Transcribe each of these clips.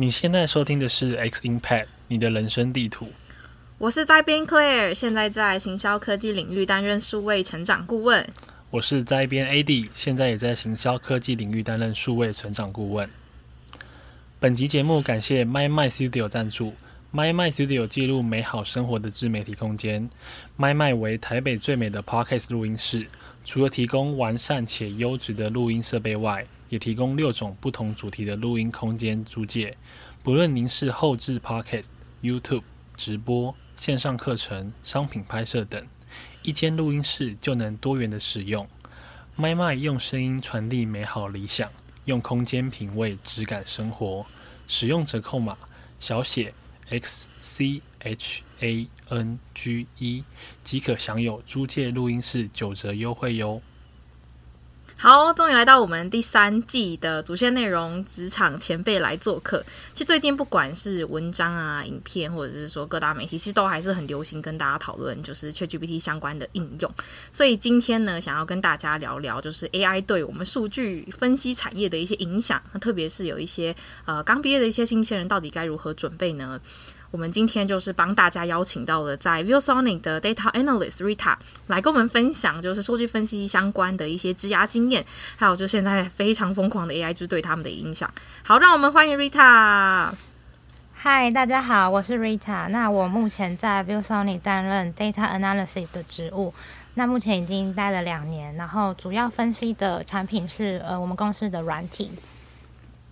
你現在收聽的是《X Impact》，你的人生地圖。我是哉編 Claire，現在在行銷科技領域擔任數位成長顧問。我是哉編 Eddie，現在也在行銷科技領域擔任數位成長顧問。本集節目感謝 MicMind Studio 贊助，MicMind Studio 記錄美好生活的自媒體空間。MicMind 為台北最美的 Podcast 錄音室，除了提供完善且優質的錄音設備外，也提供六種不同主題的錄音空間租借，不論您是後置 Podcast、YouTube 直播、線上課程、商品拍攝等，一間錄音室就能多元的使用。MicMind 用聲音傳遞美好理想，用空間品味質感生活。使用折扣碼小寫 X C H A N G E 即可享有租借錄音室九折優惠喲。好，終於來到我們第三季的主線內容，職場前輩來做客。其實最近不管是文章啊、影片，或者是說各大媒體，其實都還是很流行跟大家討論，就是 ChatGPT 相關的應用。所以今天呢，想要跟大家聊聊，就是 AI 對我們數據分析產業的一些影響。那特別是有一些呃剛畢業的一些新鮮人，到底該如何準備呢？我們今天就是幫大家邀請到了在 ViewSonic 的 Data Analyst Rita 來跟我們分享，就是數據分析相關的一些職涯經驗，還有就現在非常瘋狂的 AI 就是對他們的影響。好，讓我們歡迎 Rita。Hi，大家好，我是 Rita。那我目前在 ViewSonic 擔任 Data Analysis 的職務，那目前已經待了兩年，然後主要分析的產品是呃我們公司的軟體。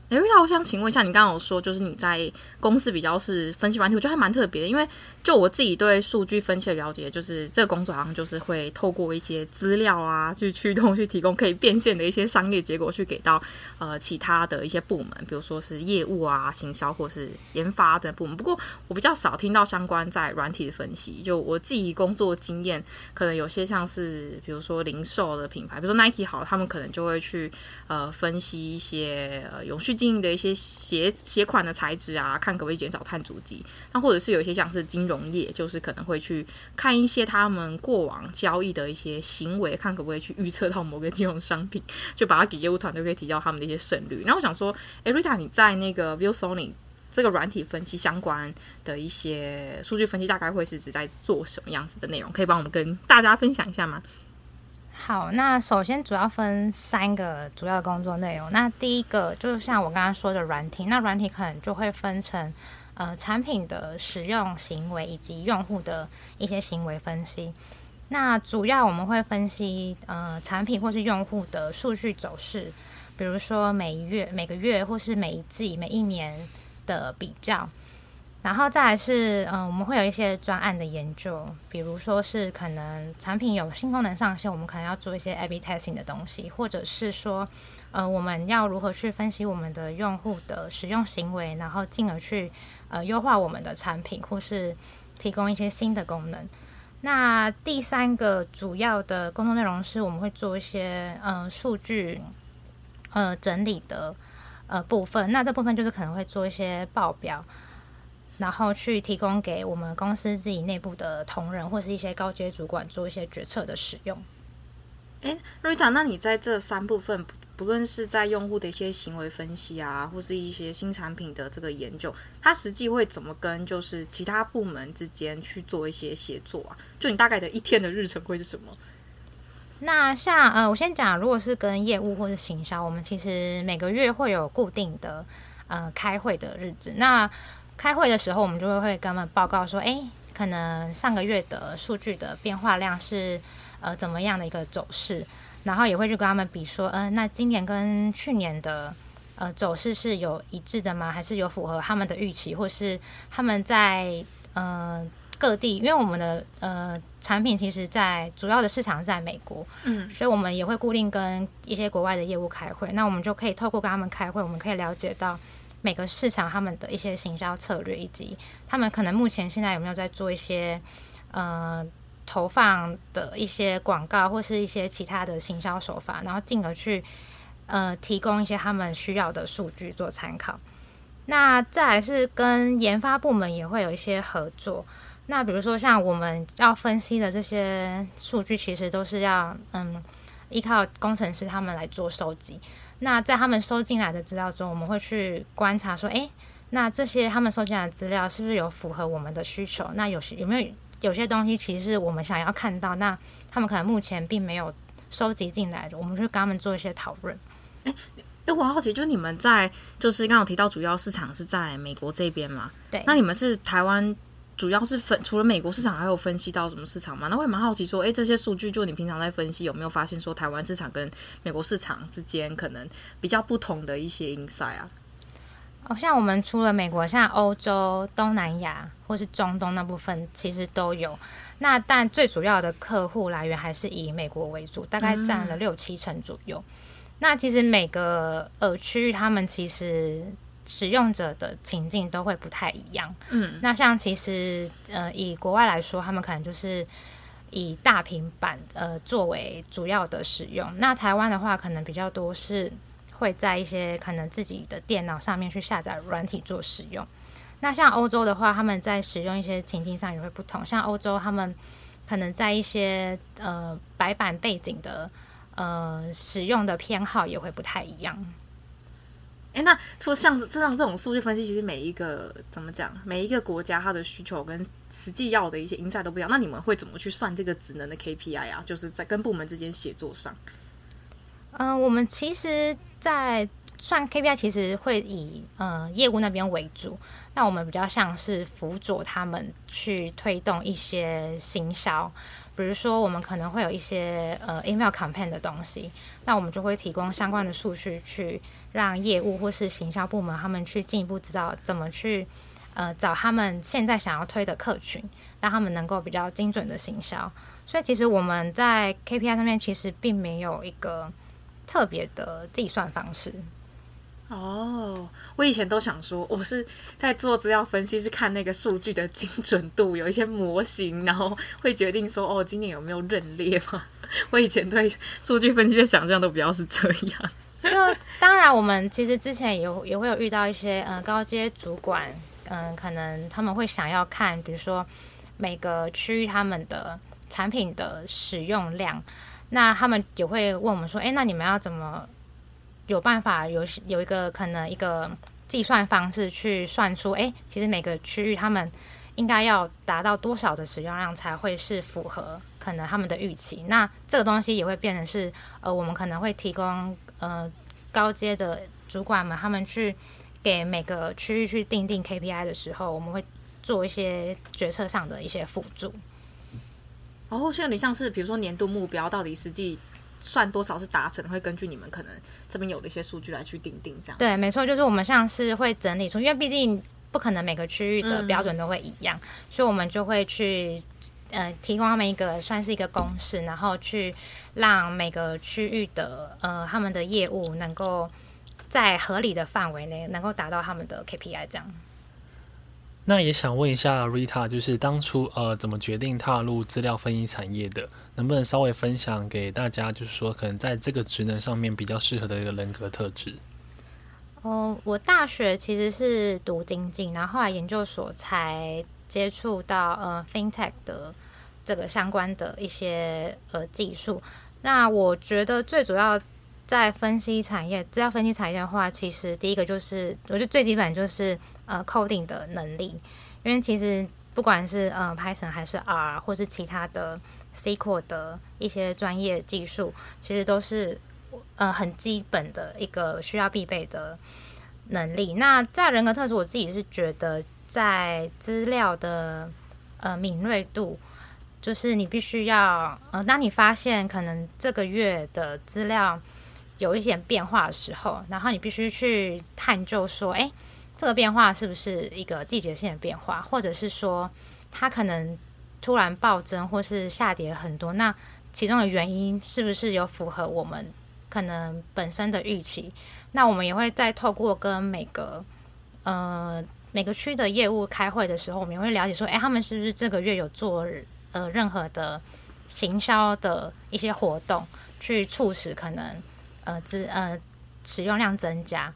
哎，Rita，我想請問一下，你剛剛有說就是你在公司比較是分析軟體，我覺得還蠻特別的，因為就我自己對數據分析的了解，就是這個工作好像就是會透過一些資料啊，去驅動去提供可以變現的一些商業結果，去給到呃其他的一些部門，比如說是業務啊、行銷或是研發的部門。不過我比較少聽到相關在軟體的分析，就我自己工作經驗，可能有些像是比如說零售的品牌，比如說 Nike 好，他們可能就會去呃分析一些呃、永續。近的一些鞋鞋款的材質啊，看可不可以減少碳足跡。那或者是有一些像是金融業，就是可能會去看一些他們過往交易的一些行為，看可不可以去預測到某個金融商品，就把它給業務團隊可以提交他們的一些勝率。那我想說，誒，Rita，你在那個 ViewSonic 這個軟體分析相關的一些數據分析，大概會是指在做什麼樣子的內容？可以幫我們跟大家分享一下嗎？好，那首先主要分三個主要工作內容。那第一個就是像我剛剛說的軟體，那軟體可能就會分成呃產品的使用行為以及用戶的一些行為分析。那主要我們會分析呃產品或是用戶的數據走勢，比如說每一月、每個月或是每一季、每一年的比較。然後再來是，嗯、呃，我們會有一些專案的研究，比如說是可能產品有新功能上線，我們可能要做一些 A/B testing 的東西，或者是說，呃，我們要如何去分析我們的用戶的使用行為，然後進而去呃優化我們的產品，或是提供一些新的功能。那第三個主要的工作內容是我們會做一些，嗯、呃，數據，呃，整理的，呃，部分。那這部分就是可能會做一些報表。然後去提供給我們公司自己內部的同仁或是一些高階主管做一些決策的使用。哎，Rita，那你在這三部分，不論是在用戶的一些行為分析啊，或是一些新產品的這個研究，它實際會怎麼跟就是其他部門之間去做一些協作啊？就你大概的一天的日程會是什麼？那像呃，我先講，如果是跟業務或是行銷，我們其實每個月會有固定的呃開會的日子，那。開會的時候，我們就會會跟他們報告說，哎，可能上個月的數據的變化量是呃怎麼樣的一個走勢，然後也會去跟他們比說，嗯、呃，那今年跟去年的呃走勢是有一致的嗎？還是有符合他們的預期，或是他們在呃各地，因為我們的呃產品其實在主要的市場是在美國，嗯，所以我們也會固定跟一些國外的業務開會，那我們就可以透過跟他們開會，我們可以了解到。每個市場他們的一些行銷策略，以及他們可能目前現在有沒有在做一些呃投放的一些廣告或是一些其他的行銷手法，然後進而去呃提供一些他們需要的數據做參考。那再來是跟研發部門也會有一些合作。那比如說像我們要分析的這些數據，其實都是要嗯依靠工程師他們來做收集。那在他們收進來的資料中，我們會去觀察說，哎、欸，那這些他們收進來的資料是不是有符合我們的需求？那有些有沒有有些東西，其實是我們想要看到，那他們可能目前並沒有收集進來的，我們就跟他們做一些討論。哎、欸，誒、欸，我好奇，就是你們在就是剛剛提到主要市場是在美國這邊嗎？對。那你們是台灣？主要是分除了美國市場，還有分析到什麼市場嗎？那我也蠻好奇說，說、欸、哎，這些數據就你平常在分析有沒有發現說台灣市場跟美國市場之間可能比較不同的一些 insight 啊？像我們除了美國，像歐洲、東南亞或是中東那部分其實都有，那但最主要的客戶來源還是以美國為主，大概占了六七成左右。嗯、那其實每個呃區域，他們其實。使用者的情境都會不太一樣。嗯，那像其實呃，以國外來說，他們可能就是以大平板呃作為主要的使用。那台灣的話，可能比較多是會在一些可能自己的電腦上面去下載軟體做使用。那像歐洲的話，他們在使用一些情境上也會不同。像歐洲，他們可能在一些呃白板背景的呃使用的偏好也會不太一樣。哎，那說像這樣這種數據分析，其實每一個怎麼講，每一個國家它的需求跟實際要的一些 insight 都不一樣。那你們會怎麼去算這個職能的 KPI 啊？就是在跟部門之間協作上。嗯、呃，我們其實，在算 KPI，其實會以嗯、呃、業務那邊為主。那我們比較像是輔佐他們去推動一些行銷，比如說我們可能會有一些呃 email campaign 的東西，那我們就會提供相關的數據去。讓業務或是行銷部門他們去進一步知道怎麼去，呃，找他們現在想要推的客群，讓他們能夠比較精準的行銷。所以其實我們在 KPI 上面其實並沒有一個特別的計算方式。哦，我以前都想說，我是在做資料分析，是看那個數據的精準度，有一些模型，然後會決定說，哦，今年有沒有認列嗎？我以前對數據分析的想象都比較是這樣。就當然，我們其實之前也也會有遇到一些嗯、呃、高階主管嗯、呃，可能他們會想要看，比如說每個區域他們的產品的使用量，那他們也會問我們說，哎，那你們要怎麼有辦法有有一個可能一個計算方式去算出，哎，其實每個區域他們應該要達到多少的使用量才會是符合可能他們的預期？那這個東西也會變成是呃，我們可能會提供。呃，高階的主管們他們去給每個區域去訂定 KPI 的時候，我們會做一些決策上的一些輔助。然後、哦、現在你像是比如說年度目標到底實際算多少是達成，會根據你們可能這邊有的一些數據來去訂定這樣。對，沒錯，就是我們像是會整理出，因為畢竟不可能每個區域的標準都會一樣，嗯、所以我們就會去。呃，提供他們一個算是一個公式，然後去讓每個區域的呃他們的業務能夠在合理的範圍內，能夠達到他們的 KPI，這樣。那也想問一下 Rita，就是當初呃怎麼決定踏入資料分析產業的？能不能稍微分享給大家，就是說，可能在這個職能上面比較適合的一個人格特質。哦，我大學其實是讀經濟，然後後來研究所才。接觸到呃 FinTech 的這個相關的一些呃技術，那我覺得最主要在分析產業，資料分析產業的話，其實第一個就是，我覺得最基本就是呃 Coding 的能力，因為其實不管是呃 Python 還是 R，或是其他的 SQL 的一些專業技術，其實都是呃很基本的一個需要必備的能力。那在人格特質，我自己是覺得。在資料的呃敏銳度，就是你必須要呃，當你發現可能這個月的資料有一點變化的時候，然後你必須去探究說，誒，這個變化是不是一個季節性的變化，或者是說它可能突然暴增或是下跌很多，那其中的原因是不是有符合我們可能本身的預期？那我們也會再透過跟每個呃。每個區的業務開會的時候，我們也會了解說，哎，他們是不是這個月有做呃任何的行銷的一些活動，去促使可能呃資呃使用量增加。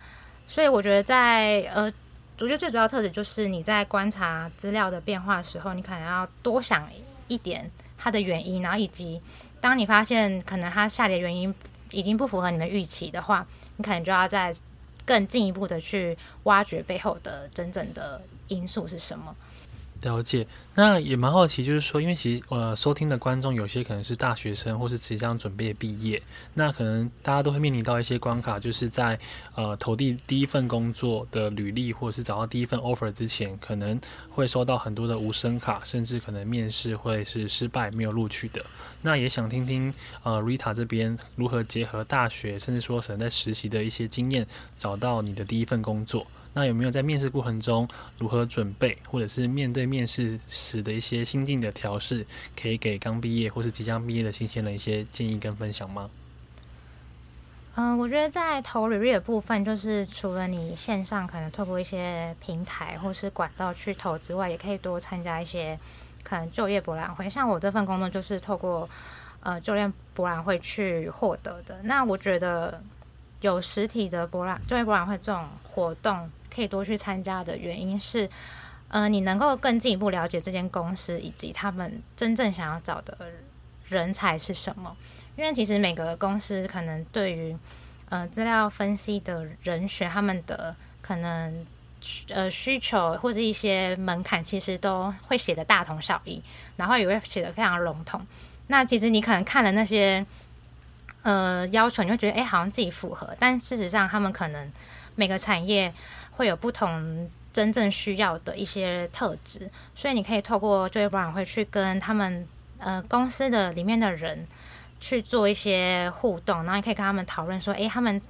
所以我覺得在呃，我覺得最主要特質就是你在觀察資料的變化的時候，你可能要多想一點它的原因，然後以及當你發現可能它下跌原因已經不符合你們預期的話，你可能就要在。更進一步的去挖掘背後的真正的因素是什麼？了解，那也蠻好奇，就是說，因為其實呃，收聽的觀眾有些可能是大學生，或是即將準備畢業，那可能大家都會面臨到一些關卡，就是在呃投遞第，第一份工作的履歷，或者是找到第一份 offer 之前，可能會收到很多的無聲卡，甚至可能面試會是失敗，沒有錄取的。那也想聽聽呃 Rita 這邊如何結合大學，甚至說可能在實習的一些經驗，找到你的第一份工作。那有沒有在面試過程中如何準備，或者是面對面試時的一些心境的調試，可以給剛畢業或是即將畢業的新鮮人一些建議跟分享嗎？嗯、呃，我覺得在投履歷的部分，就是除了你線上可能透過一些平台或是管道去投之外，也可以多參加一些可能就業博覽會。像我這份工作就是透過呃就業博覽會去獲得的。那我覺得有實體的博覽就業博覽會這種活動。可以多去參加的原因是，呃，你能夠更進一步了解這間公司以及他們真正想要找的人才是什麼。因為其實每個公司可能對於呃，資料分析的人選，他們的可能呃需求或者一些門檻，其實都會寫得大同小異，然後也會寫得非常籠統。那其實你可能看了那些呃要求，你會覺得誒、欸，好像自己符合，但事實上他們可能每個產業。會有不同真正需要的一些特質，所以你可以透過就業博覽會去跟他們呃公司的裡面的人去做一些互動，然後你可以跟他們討論說，誒，他們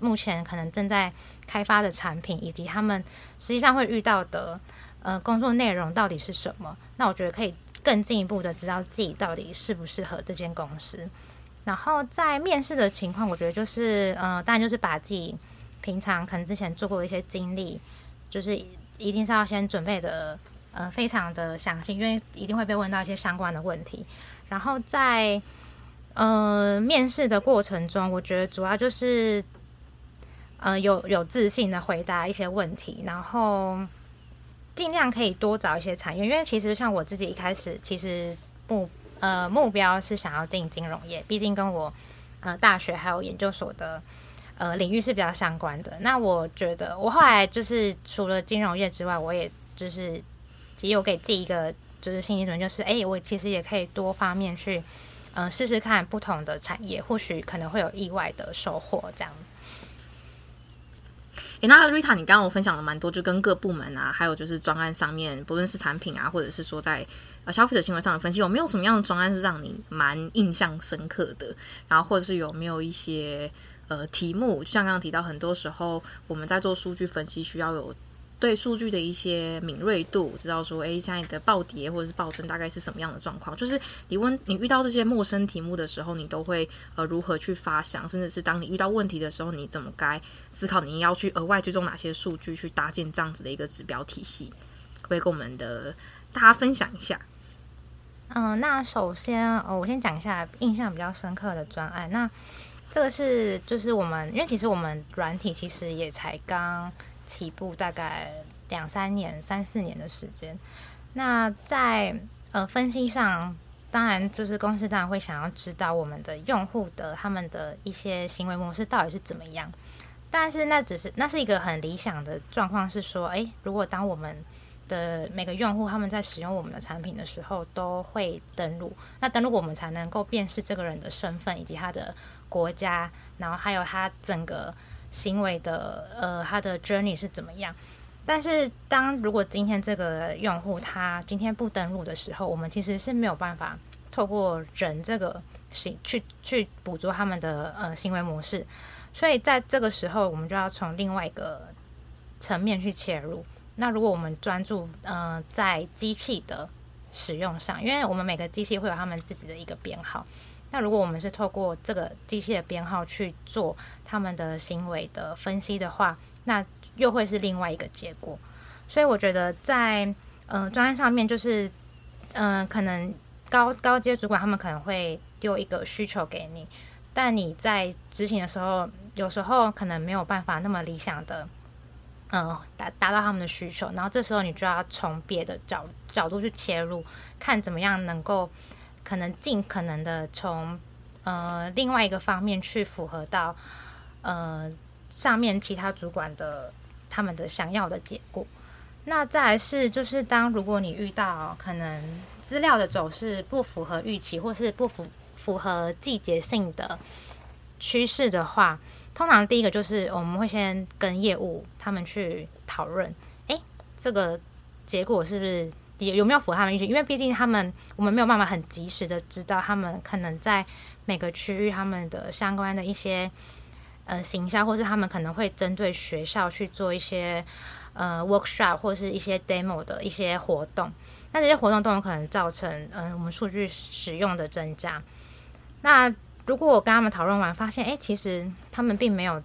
目前可能正在開發的產品，以及他們實際上會遇到的呃工作內容到底是什麼？那我覺得可以更進一步的知道自己到底適不適合這間公司。然後在面試的情況，我覺得就是呃，當然就是把自己。平常可能之前做過一些經歷，就是一定是要先準備的，呃，非常的詳細，因為一定會被問到一些相關的問題。然後在呃面試的過程中，我覺得主要就是呃有有自信的回答一些問題，然後盡量可以多找一些產業，因為其實像我自己一開始其實目呃目標是想要進金融業，畢竟跟我呃大學還有研究所的。呃，領域是比較相關的。那我覺得，我後來就是除了金融業之外，我也就是也有給自己一個就是心理準就是哎，我其實也可以多方面去嗯試試看不同的產業，或許可能會有意外的收穫。這樣。哎，那 Rita，你剛剛我分享了蠻多，就跟各部門啊，還有就是專案上面，不論是產品啊，或者是說在呃消費者行為上的分析，有沒有什麼樣的專案是讓你蠻印象深刻的？然後，或者是有沒有一些？呃，題目就像剛剛提到，很多時候我們在做數據分析，需要有對數據的一些敏銳度，知道說，哎，現在的暴跌，或者是暴增，大概是什麼樣的狀況？就是你問你遇到這些陌生題目的時候，你都會呃如何去發想？甚至是當你遇到問題的時候，你怎麼該思考？你要去額外追蹤哪些數據去搭建這樣子的一個指標體系？可以跟我們的大家分享一下。嗯，呃，那首先，哦，我先講一下印象比較深刻的專案。那這個是就是我們，因為其實我們軟體其實也才剛起步，大概兩三年、三四年的時間。那在呃分析上，當然就是公司當然會想要知道我們的用戶的他們的一些行為模式到底是怎麼樣。但是那只是那是一個很理想的狀況，是說，誒，如果當我們的每個用戶他們在使用我們的產品的時候都會登錄，那登錄我們才能夠辨識這個人的身份以及他的。國家，然後還有他整個行為的，呃，他的 journey 是怎麼樣？但是，當如果今天這個用戶他今天不登錄的時候，我們其實是沒有辦法透過人這個行去去捕捉他們的呃行為模式。所以，在這個時候，我們就要從另外一個層面去切入。那如果我們專注嗯、呃，在機器的使用上，因為我們每個機器會有他們自己的一個編號。那如果我們是透過這個機器的編號去做他們的行為的分析的話，那又會是另外一個結果。所以我覺得在嗯、呃、專案上面就是，嗯、呃，可能高高階主管他們可能會丟一個需求給你，但你在執行的時候，有時候可能沒有辦法那麼理想的，嗯、呃、達達到他們的需求。然後這時候你就要從別的角角度去切入，看怎麼樣能夠。可能盡可能的從呃另外一個方面去符合到呃上面其他主管的他們的想要的結果。那再來是就是當如果你遇到可能資料的走勢不符合預期，或是不符符合季節性的趨勢的話，通常第一個就是我們會先跟業務他們去討論，哎，這個結果是不是？也有沒有符合他們預期？因為畢竟他們，我們沒有辦法很及時的知道他們可能在每個區域他們的相關的一些呃行銷，或是他們可能會針對學校去做一些呃 workshop 或是一些 demo 的一些活動。那這些活動都有可能造成嗯、呃、我們數據使用的增加。那如果我跟他們討論完，發現哎，其實他們並沒有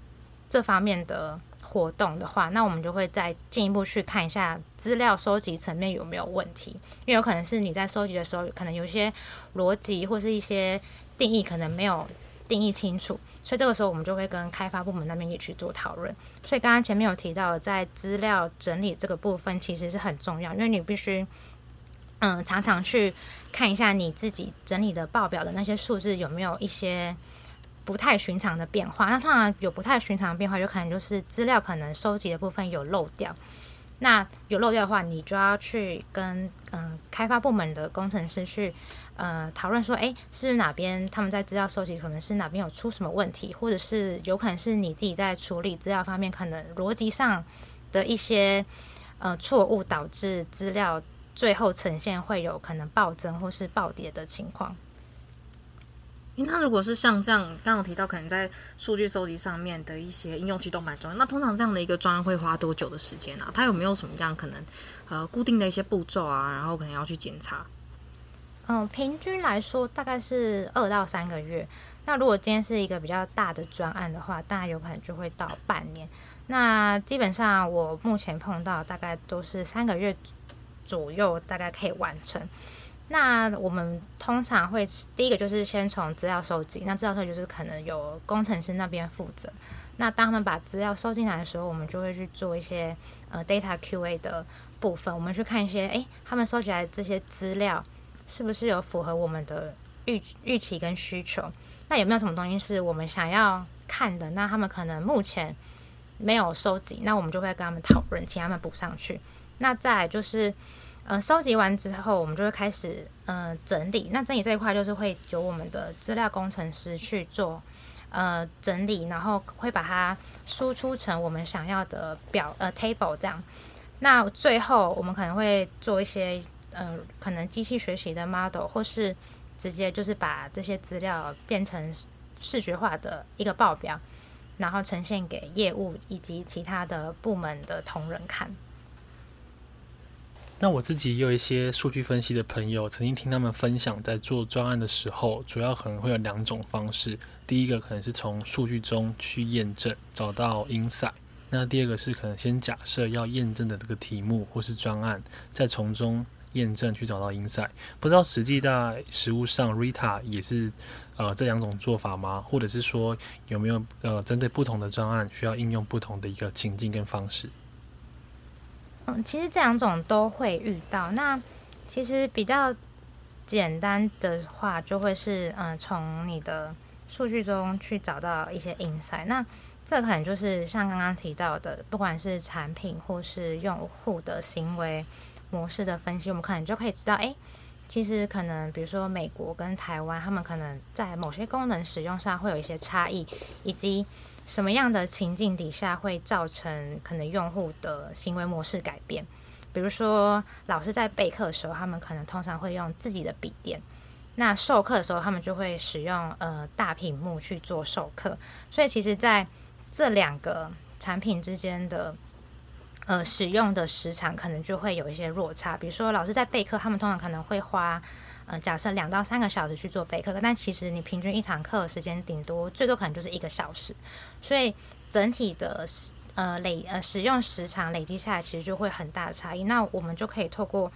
這方面的。活動的話，那我們就會再進一步去看一下資料收集層面有沒有問題，因為有可能是你在收集的時候，可能有些邏輯或是一些定義可能沒有定義清楚，所以這個時候我們就會跟開發部門那邊也去做討論。所以剛剛前面有提到，在資料整理這個部分其實是很重要，因為你必須嗯、呃、常常去看一下你自己整理的報表的那些數字有沒有一些。不太尋常的變化，那當然有不太尋常的變化，有可能就是資料可能收集的部分有漏掉。那有漏掉的話，你就要去跟嗯、呃、開發部門的工程師去嗯討論說，哎、欸，是哪邊他們在資料收集，可能是哪邊有出什麼問題，或者是有可能是你自己在處理資料方面，可能邏輯上的一些呃錯誤導致資料最後呈現會有可能暴增或是暴跌的情況。那如果是像這樣，剛剛提到可能在數據收集上面的一些應用，其實都蠻重要。那通常這樣的一個專案會花多久的時間啊？它有沒有什麼樣可能呃固定的一些步驟啊？然後可能要去檢查？嗯、呃，平均來說大概是二到三個月。那如果今天是一個比較大的專案的話，大概有可能就會到半年。那基本上我目前碰到大概都是三個月左右，大概可以完成。那我們通常會第一個就是先從資料收集，那資料收集就是可能由工程師那邊負責。那當他們把資料收進來的時候，我們就會去做一些呃 data QA 的部分，我們去看一些，誒，他們收集來的這些資料是不是有符合我們的預預期跟需求？那有沒有什麼東西是我們想要看的？那他們可能目前沒有收集，那我們就會跟他們討論，請他，他們補上去。那再來就是。呃，收集完之後，我們就會開始呃整理。那整理這一塊就是會由我們的資料工程師去做呃整理，然後會把它輸出成我們想要的表呃 table 這樣。那最後我們可能會做一些呃可能機器學習的 model，或是直接就是把這些資料變成視覺化的一個報表，然後呈現給業務以及其他的部門的同仁看。那我自己也有一些數據分析的朋友，曾經聽他們分享，在做專案的時候，主要可能會有兩種方式。第一個可能是從數據中去驗證，找到 insight；那第二個是可能先假設要驗證的這個題目或是專案，再從中驗證去找到 insight。不知道實際在實務上，Rita 也是呃這兩種做法嗎？或者是說有沒有呃針對不同的專案，需要應用不同的一個情境跟方式？嗯、其實這兩種都會遇到。那其實比較簡單的話，就會是嗯、呃，從你的數據中去找到一些 insight。那這可能就是像剛剛提到的，不管是產品或是用戶的行為模式的分析，我們可能就可以知道，誒，其實可能比如說美國跟台灣，他們可能在某些功能使用上會有一些差異，以及。什麼樣的情境底下會造成可能用戶的行為模式改變？比如說，老師在備課的時候，他們可能通常會用自己的筆電；那授課的時候，他們就會使用呃大屏幕去做授課。所以，其實在這兩個產品之間的呃使用的時長，可能就會有一些落差。比如說，老師在備課，他們通常可能會花。嗯、呃，假設兩到三個小時去做備課，但其實你平均一場課的時間頂多最多可能就是一個小時，所以整體的呃累呃使用時長累積下來，其實就會很大的差異。那我們就可以透過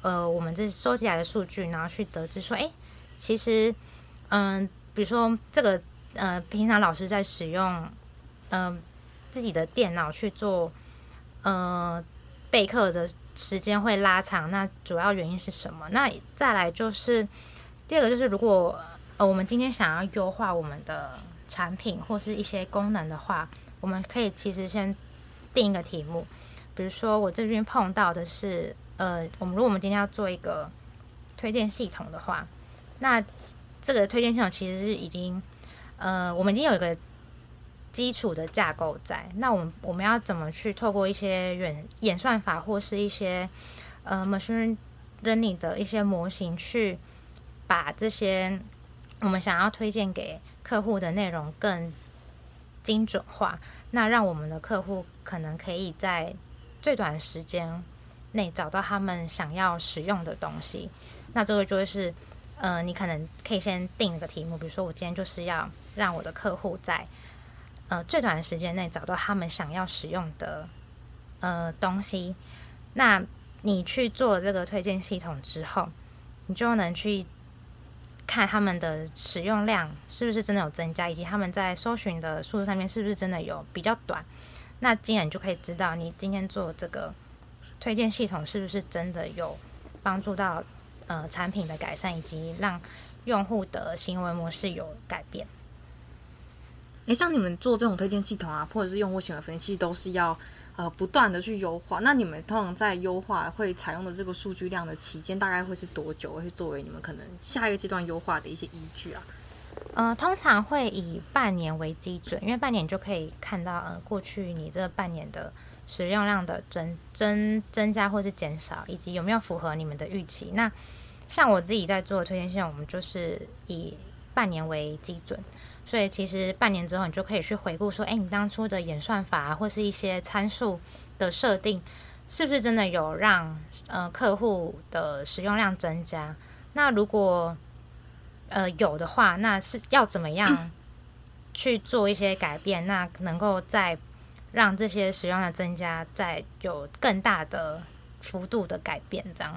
呃我們這收集來的數據，然後去得知說，誒，其實嗯、呃，比如說這個呃，平常老師在使用嗯、呃、自己的電腦去做呃。備課的時間會拉長，那主要原因是什麼？那再來就是第二個，就是如果呃我們今天想要優化我們的產品或是一些功能的話，我們可以其實先定一個題目。比如說我這邊碰到的是呃，我們如果我們今天要做一個推薦系統的話，那這個推薦系統其實是已經呃，我們已經有一個。基礎的架構在那，我們我們要怎麼去透過一些演演算法或是一些呃 machine learning 的一些模型去把這些我們想要推薦給客戶的內容更精準化？那讓我們的客戶可能可以在最短的時間內找到他們想要使用的東西。那這個就會是，呃，你可能可以先定一個題目，比如說我今天就是要讓我的客戶在呃，最短的時間內找到他們想要使用的呃東西，那你去做這個推薦系統之後，你就能去看他們的使用量是不是真的有增加，以及他們在搜尋的速度上面是不是真的有比較短。那這樣你就可以知道，你今天做這個推薦系統是不是真的有幫助到呃產品的改善，以及讓用戶的行為模式有改變。誒，像你們做這種推薦系統啊，或者是用戶行為分析，都是要呃不斷的去優化。那你們通常在優化會採用的這個數據量的期間，大概會是多久？會作為你們可能下一個階段優化的一些依據啊？呃，通常會以半年為基準，因為半年就可以看到呃、嗯、過去你這半年的使用量的增增增加或是減少，以及有沒有符合你們的預期。那像我自己在做的推薦系統，我們就是以半年為基準，所以其實半年之後，你就可以去回顧說，哎，你當初的演算法，啊、或是一些參數的設定，是不是真的有讓呃客戶的使用量增加？那如果呃有的話，那是要怎麼樣去做一些改變，嗯、那能夠再讓這些使用的增加，再有更大的幅度的改變，這樣。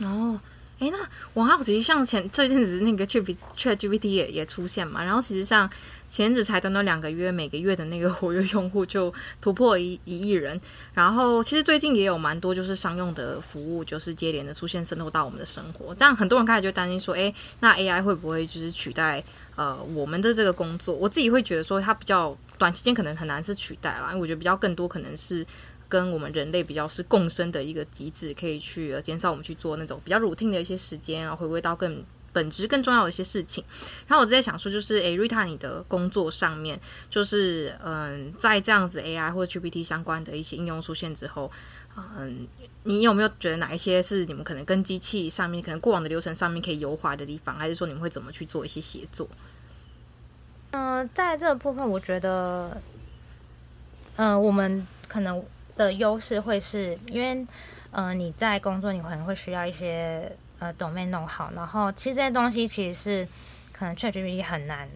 然、哦、後。哎，那我好奇像前最近只是那個 Chat ChatGPT 也也出現嘛，然後其實像前陣子才短短兩個月，每個月的那個活躍用戶就突破一一億人，然後其實最近也有蠻多就是商用的服務，就是接連的出現滲透到我們的生活，但很多人開始就擔心說，哎，那 A I 會不會就是取代呃我們的這個工作？我自己會覺得說，它比較短期間可能很難是取代啦，因為我覺得比較更多可能是。跟我們人類比較是共生的一個機制，可以去減少我們去做那種比較 routine 的一些時間啊，回歸到更本質、更重要的一些事情。然後我直接想說，就是哎，瑞塔，Rita，你的工作上面，就是嗯，在這樣子 AI 或者 GPT 相關的一些應用出現之後，嗯，你有沒有覺得哪一些是你們可能跟機器上面可能過往的流程上面可以優化的地方，還是說你們會怎麼去做一些協作？嗯、呃，在這部分，我覺得，嗯、呃，我們可能。的優勢會是因為，呃，你在工作你可能會需要一些呃 Domain Know How, 然後其實這些東西其實是可能 ChatGPT 很難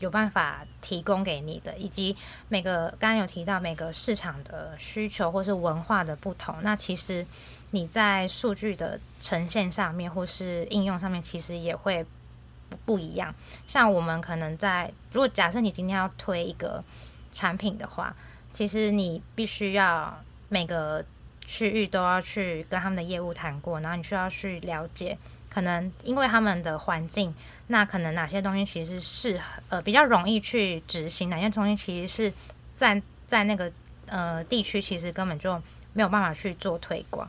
有辦法提供給你的，以及每個剛剛有提到每個市場的需求或是文化的不同，那其實你在數據的呈現上面或是應用上面其實也會不不一樣。像我們可能在如果假設你今天要推一個產品的話。其實你必須要每個區域都要去跟他們的業務談過，然後你需要去了解，可能因為他們的環境，那可能哪些東西其實是呃比較容易去執行，哪些東西其實是在在那個呃地區其實根本就沒有辦法去做推廣。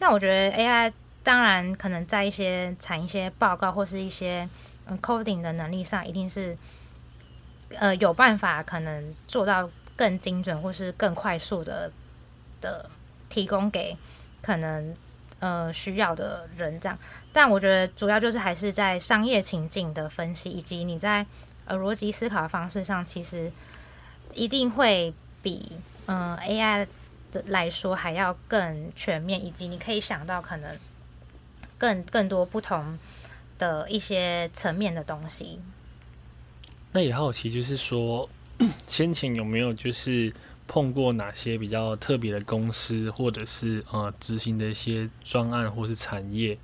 那我覺得 AI 當然可能在一些產一些報告或是一些，呃，coding 的能力上，一定是呃有辦法可能做到。更精準或是更快速的的提供給可能呃需要的人，這樣。但我覺得主要就是還是在商業情境的分析，以及你在呃邏輯思考的方式上，其實一定會比嗯、呃、AI 的來說還要更全面，以及你可以想到可能更更多不同的一些層面的東西。那也好奇，就是說。先前，前有沒有就是碰過哪些比較特別的公司，或者是呃執行的一些專案，或是產業，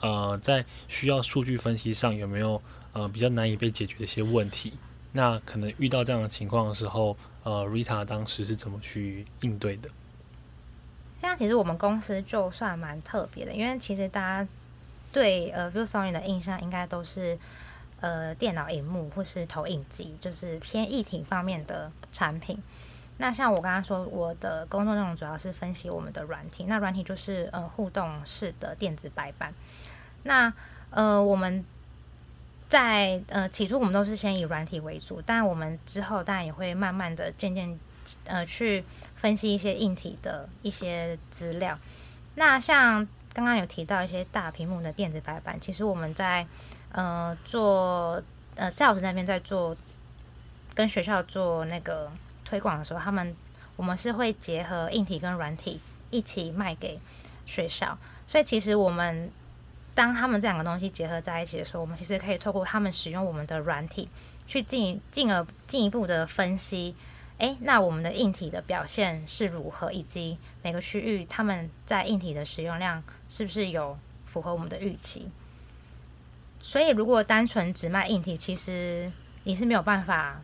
呃，在需要數據分析上有沒有呃比較難以被解決的一些問題？那可能遇到這樣的情況的時候，呃，Rita 當時是怎麼去應對的？現在其實我們公司就算蠻特別的，因為其實大家對呃 ViewSonic 的印象應該都是。呃，電腦螢幕或是投影機，就是偏硬體方面的產品。那像我剛剛說，我的工作內容主要是分析我們的軟體，那軟體就是呃互動式的電子白板。那呃，我們在呃起初我們都是先以軟體為主，但我們之後當然也會慢慢的、漸漸呃去分析一些硬體的一些資料。那像剛剛有提到一些大屏幕的電子白板，其實我們在。呃，做呃，sales 那邊在做跟學校做那個推廣的時候，他們我們是會結合硬體跟軟體一起賣給學校，所以其實我們當他們這兩個東西結合在一起的時候，我們其實可以透過他們使用我們的軟體去進進而進一步的分析，哎，那我們的硬體的表現是如何，以及每個區域他們在硬體的使用量是不是有符合我們的預期。所以，如果單純只賣硬體，其實你是沒有辦法，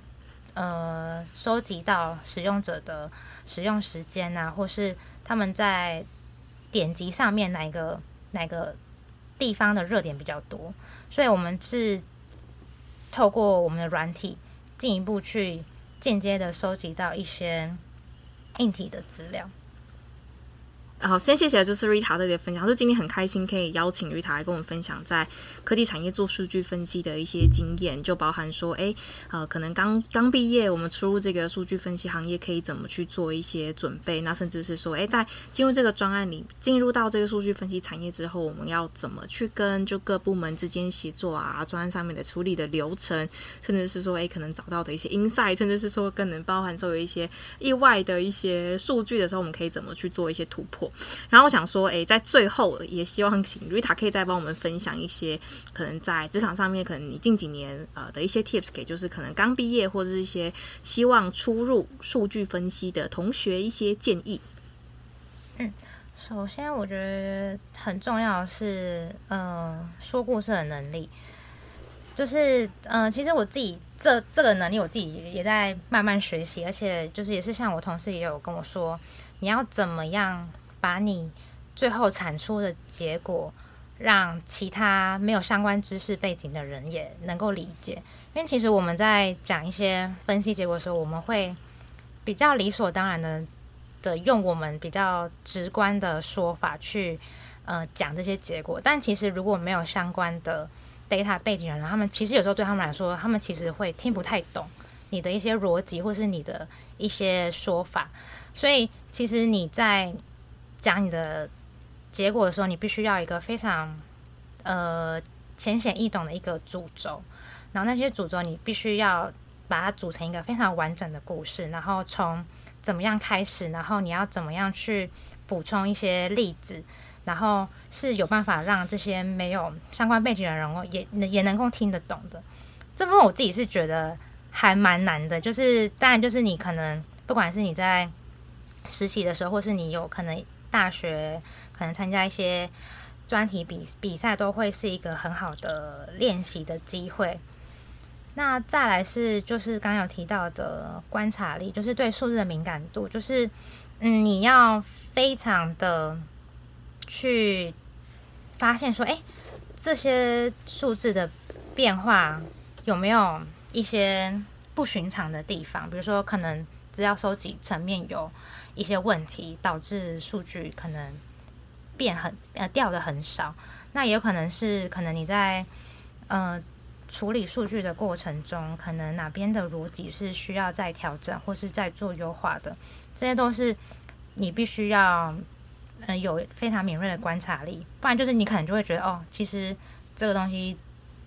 呃，收集到使用者的使用時間吶、啊，或是他們在點擊上面哪個哪個地方的熱點比較多。所以我們是透過我們的軟體，進一步去間接的收集到一些硬體的資料。好，先謝謝就是 Rita 這裡的分享。就今天很開心可以邀請 Rita 來跟我們分享在科技產業做數據分析的一些經驗，就包含說，哎、欸，呃，可能剛剛畢業，我們出入這個數據分析行業可以怎麼去做一些準備？那甚至是說，哎、欸，在進入這個專案裡，進入到這個數據分析產業之後，我們要怎麼去跟就各部門之間協作啊？專案上面的處理的流程，甚至是說，哎、欸，可能找到的一些 insight，甚至是說，更能包含說有一些意外的一些數據的時候，我們可以怎麼去做一些突破？然後我想說，誒，在最後也希望請 Rita 可以再幫我們分享一些可能在職場上面，可能你近幾年呃的一些 tips，給就是可能剛畢業或者是一些希望初入數據分析的同學一些建議。嗯，首先我覺得很重要的是嗯、呃，說故事的能力，就是嗯、呃，其實我自己這這個能力我自己也在慢慢學習，而且就是也是像我同事也有跟我說，你要怎麼樣。把你最後產出的結果，讓其他沒有相關知識背景的人也能夠理解。因為其實我們在講一些分析結果的時候，我們會比較理所當然的的用我們比較直觀的說法去呃講這些結果。但其實如果沒有相關的 data 背景人，他們其實有時候對他們來說，他們其實會聽不太懂你的一些邏輯，或是你的一些說法。所以其實你在講你的結果的時候，你必須要一個非常呃淺顯易懂的一個主軸，然後那些主軸你必須要把它組成一個非常完整的故事，然後從怎麼樣開始，然後你要怎麼樣去補充一些例子，然後是有辦法讓這些沒有相關背景的人也也能，也能夠聽得懂的。這部分我自己是覺得還蠻難的，就是當然就是你可能不管是你在實習的時候，或是你有可能。大學可能參加一些專題比比賽都會是一個很好的練習的機會。那再來是就是剛剛有提到的觀察力，就是對數字的敏感度，就是嗯，你要非常的去發現說，哎、欸，這些數字的變化有沒有一些不尋常的地方？比如說，可能只要收集層面有一些問題導致數據可能變很呃掉得很少，那也有可能是可能你在呃處理數據的過程中，可能哪邊的邏輯是需要再調整或是再做優化的，這些都是你必須要嗯、呃、有非常敏銳的觀察力，不然就是你可能就會覺得哦，其實這個東西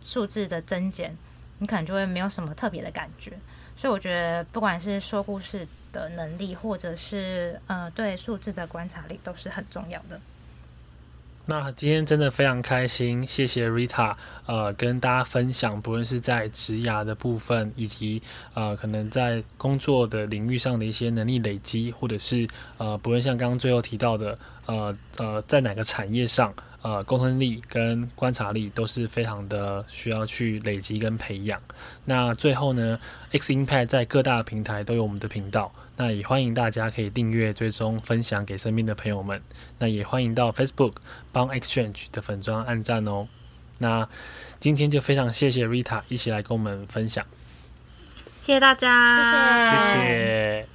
數字的增減，你可能就會沒有什麼特別的感覺，所以我覺得不管是說故事。的能力，或者是呃對數字的觀察力，都是很重要的。那今天真的非常開心，謝謝 Rita，呃，跟大家分享，不論是在職涯的部分，以及呃可能在工作的領域上的一些能力累積，或者是呃，不論像剛剛最後提到的，呃呃，在哪個產業上。呃，溝通力跟觀察力都是非常的需要去累積跟培養。那最後呢，X Impact 在各大平台都有我們的頻道，那也歡迎大家可以訂閱、追蹤、分享給身邊的朋友們。那也歡迎到 Facebook 幫 XChange 的粉專按讚哦。那今天就非常謝謝 Rita 一起來跟我們分享，謝謝大家，謝謝，謝謝。